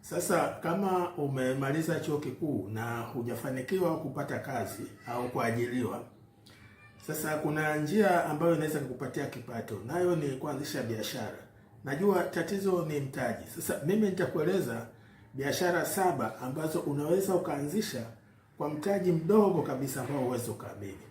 Sasa kama umemaliza chuo kikuu na hujafanikiwa kupata kazi au kuajiriwa, sasa kuna njia ambayo inaweza kukupatia kipato, nayo ni kuanzisha biashara. Najua tatizo ni mtaji. Sasa mimi nitakueleza biashara saba ambazo unaweza ukaanzisha kwa mtaji mdogo kabisa ambao uwezo ukaamini.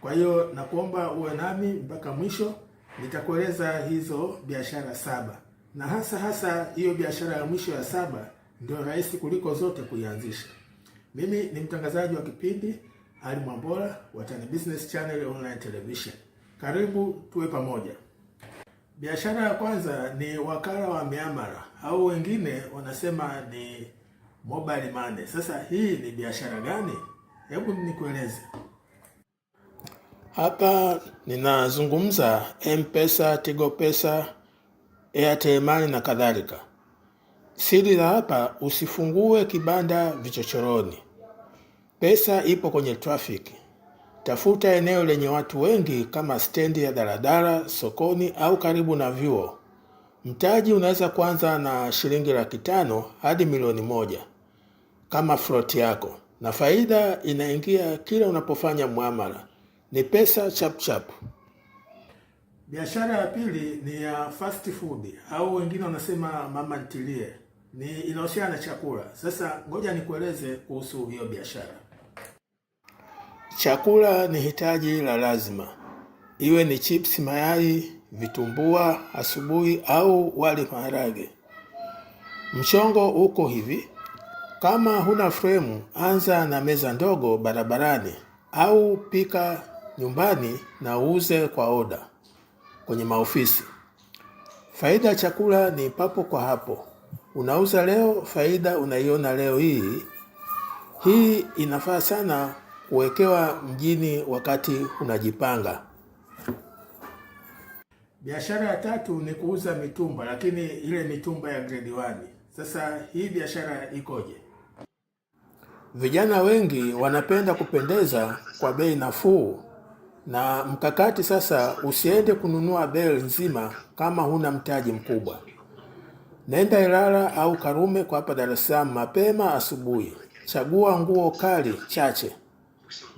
Kwa hiyo nakuomba uwe nami mpaka mwisho, nitakueleza hizo biashara saba na hasa hasa hiyo biashara ya mwisho ya saba ndio rahisi kuliko zote kuianzisha. Mimi ni mtangazaji wa kipindi Ali Mwambola wa Tan Business Channel Online Television. Karibu tuwe pamoja. Biashara ya kwanza ni wakala wa miamala au wengine wanasema ni mobile money. Sasa hii ni biashara gani? Hebu nikueleze. Hapa ninazungumza M-Pesa, Tigo Pesa Airtel Money na kadhalika. Siri la hapa, usifungue kibanda vichochoroni. Pesa ipo kwenye trafiki. Tafuta eneo lenye watu wengi kama stendi ya daladala, sokoni au karibu na vyuo. Mtaji unaweza kuanza na shilingi laki tano hadi milioni moja kama float yako, na faida inaingia kila unapofanya muamala. Ni pesa chap chap. Biashara ya pili ni ya fast food au wengine wanasema mama ntilie, ni inahusiana na chakula. Sasa ngoja nikueleze kuhusu hiyo biashara. Chakula ni hitaji la lazima, iwe ni chips, mayai, vitumbua asubuhi au wali maharage. Mchongo uko hivi: kama huna fremu, anza na meza ndogo barabarani au pika nyumbani na uuze kwa oda kwenye maofisi. Faida ya chakula ni papo kwa hapo. Unauza leo, faida unaiona leo hii. Hii inafaa sana kuwekewa mjini wakati unajipanga. Biashara ya tatu ni kuuza mitumba, lakini ile mitumba ya grade 1. Sasa hii biashara ikoje? Vijana wengi wanapenda kupendeza kwa bei nafuu na mkakati sasa, usiende kununua bel nzima kama huna mtaji mkubwa. Nenda Ilala au Karume kwa hapa Dar es Salaam mapema asubuhi, chagua nguo kali chache,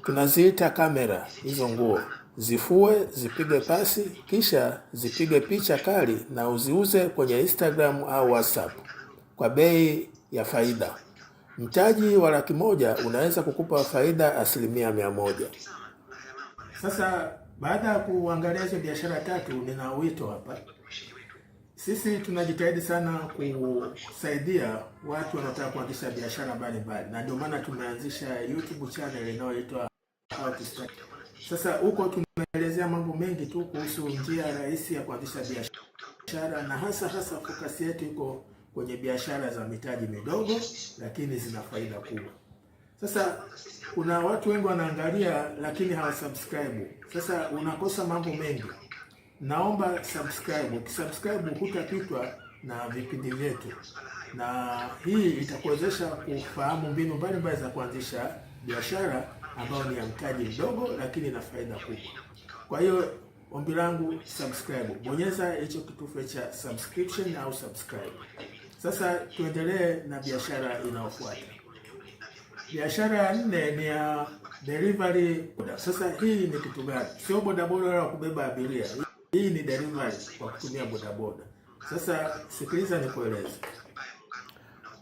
tunaziita kamera. Hizo nguo zifue, zipige pasi, kisha zipige picha kali na uziuze kwenye Instagram au WhatsApp kwa bei ya faida. Mtaji wa laki moja unaweza kukupa faida asilimia mia moja. Sasa baada ya kuangalia hizo biashara tatu, nina wito hapa. Sisi tunajitahidi sana kusaidia watu wanaotaka kuanzisha biashara mbalimbali, na ndio maana tumeanzisha YouTube channel inayoitwa How to Start. Sasa huko tunaelezea mambo mengi tu kuhusu njia rahisi ya kuanzisha biashara, na hasa hasa fokasi yetu iko kwenye biashara za mitaji midogo, lakini zina faida kubwa. Sasa kuna watu wengi wanaangalia lakini hawasubscribe. Sasa unakosa mambo mengi. Naomba subscribe. Ukisubscribe hutapitwa na vipindi vyetu, na hii itakuwezesha kufahamu mbinu mbalimbali za kuanzisha biashara ambayo ni ya mtaji mdogo lakini na faida kubwa. Kwa hiyo ombi langu subscribe, bonyeza hicho kitufe cha subscription au subscribe. Sasa tuendelee na biashara inayofuata. Biashara ya nne ni ya delivery boda. Sasa hii ni kitu gani? Sio bodaboda wala kubeba abiria, hii ni delivery kwa kutumia bodaboda. Sasa sikiliza, nikueleze.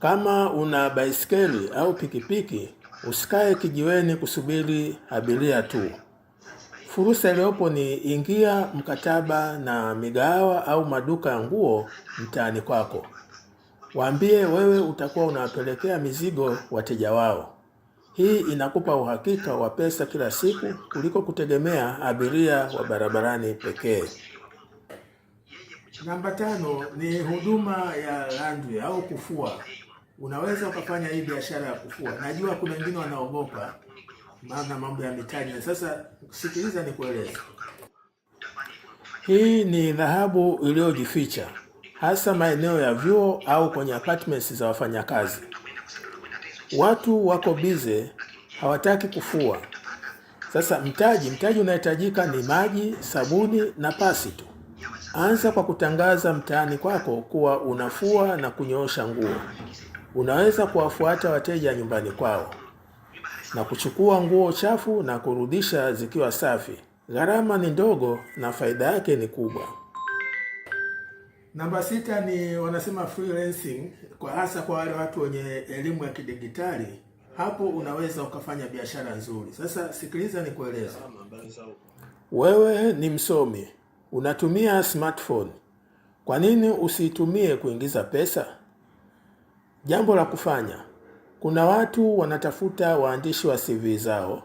Kama una baiskeli au pikipiki, usikae kijiweni kusubiri abiria tu. Fursa iliyopo ni ingia mkataba na migahawa au maduka ya nguo mtaani kwako, waambie wewe utakuwa unawapelekea mizigo wateja wao. Hii inakupa uhakika wa pesa kila siku kuliko kutegemea abiria wa barabarani pekee. Namba tano ni huduma ya laundry au kufua. Unaweza ukafanya hii biashara ya kufua. Najua kuna wengine wanaogopa maana mambo ya mitaji. Sasa sikiliza, nikueleze. Hii ni dhahabu iliyojificha hasa maeneo ya vyuo au kwenye apartments za wafanyakazi watu wako bize, hawataki kufua. Sasa mtaji mtaji unahitajika ni maji, sabuni na pasi tu. Anza kwa kutangaza mtaani kwako kuwa unafua na kunyoosha nguo. Unaweza kuwafuata wateja nyumbani kwao na kuchukua nguo chafu na kurudisha zikiwa safi. Gharama ni ndogo na faida yake ni kubwa. Namba sita ni wanasema freelancing, kwa hasa kwa wale watu wenye elimu ya kidigitali, hapo unaweza ukafanya biashara nzuri. Sasa sikiliza, ni kueleza wewe ni msomi, unatumia smartphone, kwa nini usiitumie kuingiza pesa? Jambo la kufanya, kuna watu wanatafuta waandishi wa CV zao,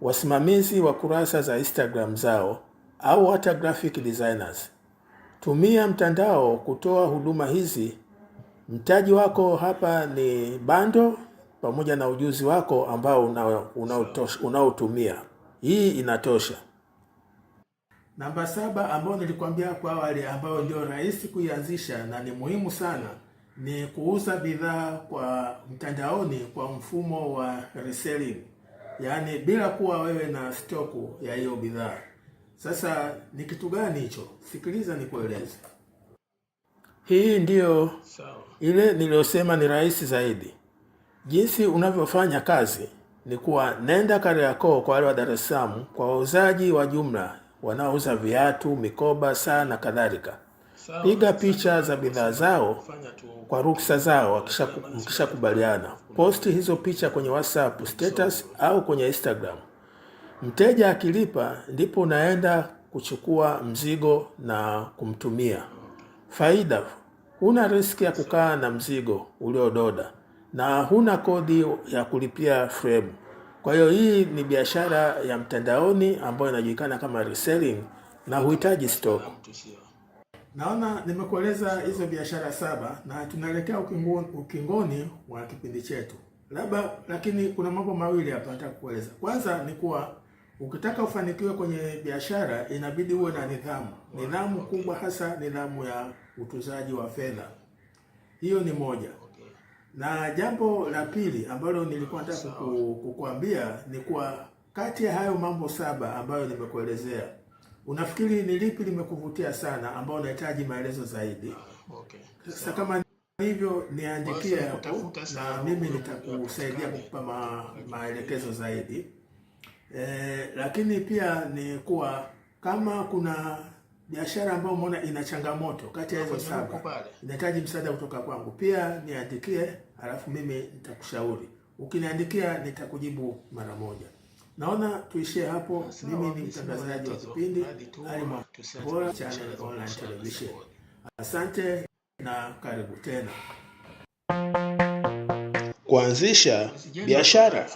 wasimamizi wa kurasa za Instagram zao, au hata graphic designers Tumia mtandao kutoa huduma hizi. Mtaji wako hapa ni bando pamoja na ujuzi wako ambao unaotumia. Una hii inatosha. Namba saba ambayo nilikwambia hapo awali, ambayo ndio rahisi kuianzisha na ni muhimu sana, ni kuuza bidhaa kwa mtandaoni kwa mfumo wa reselling, yaani bila kuwa wewe na stoku ya hiyo bidhaa. Sasa ni kitu gani hicho? Sikiliza nikueleze. Hii ndiyo ile niliyosema ni rahisi zaidi. Jinsi unavyofanya kazi ni kuwa nenda Kariakoo kwa wale wa Dar es Salaam, kwa wauzaji wa jumla wanaouza viatu, mikoba, saa na kadhalika, piga picha za bidhaa zao kwa ruksa zao, mkishakubaliana posti hizo picha kwenye WhatsApp status au kwenye Instagram. Mteja akilipa ndipo unaenda kuchukua mzigo na kumtumia. Faida, huna riski ya kukaa na mzigo uliododa na huna kodi ya kulipia fremu. Kwa hiyo hii ni biashara ya mtandaoni ambayo inajulikana kama reselling na huhitaji stock. Naona nimekueleza hizo biashara saba na tunaelekea ukingoni, wa kipindi chetu labda, lakini kuna mambo mawili hapa nataka kukueleza. Kwanza ni kuwa Ukitaka ufanikiwe kwenye biashara inabidi uwe na nidhamu, nidhamu kubwa, hasa nidhamu ya utunzaji wa fedha. Hiyo ni moja, na jambo la pili ambalo nilikuwa nataka kukuambia ni kuwa kati ya hayo mambo saba ambayo nimekuelezea, unafikiri ni lipi limekuvutia sana ambao unahitaji maelezo zaidi? Sasa kama hivyo niandikie hapo, na mimi nitakusaidia kukupa maelekezo zaidi e, lakini pia ni kuwa kama kuna biashara ambayo umeona ina changamoto kati ya hizo saba, inahitaji msaada kutoka kwangu, pia niandikie, alafu mimi nitakushauri. Ukiniandikia nitakujibu mara moja. Naona tuishie hapo. Mimi ni mtangazaji wa kipindi Ali Mwambola, Channel Online Television. Asante na karibu tena. Kuanzisha biashara.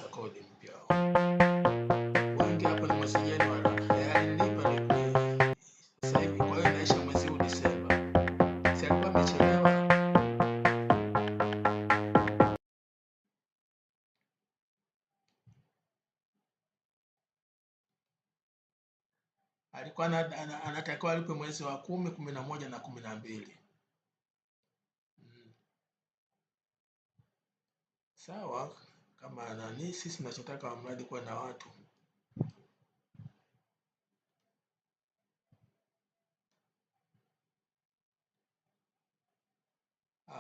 anatakiwa alipe mwezi wa kumi, kumi na moja na kumi na mbili. Hmm. Sawa, kama nani, sisi tunachotaka mradi kuwa na watu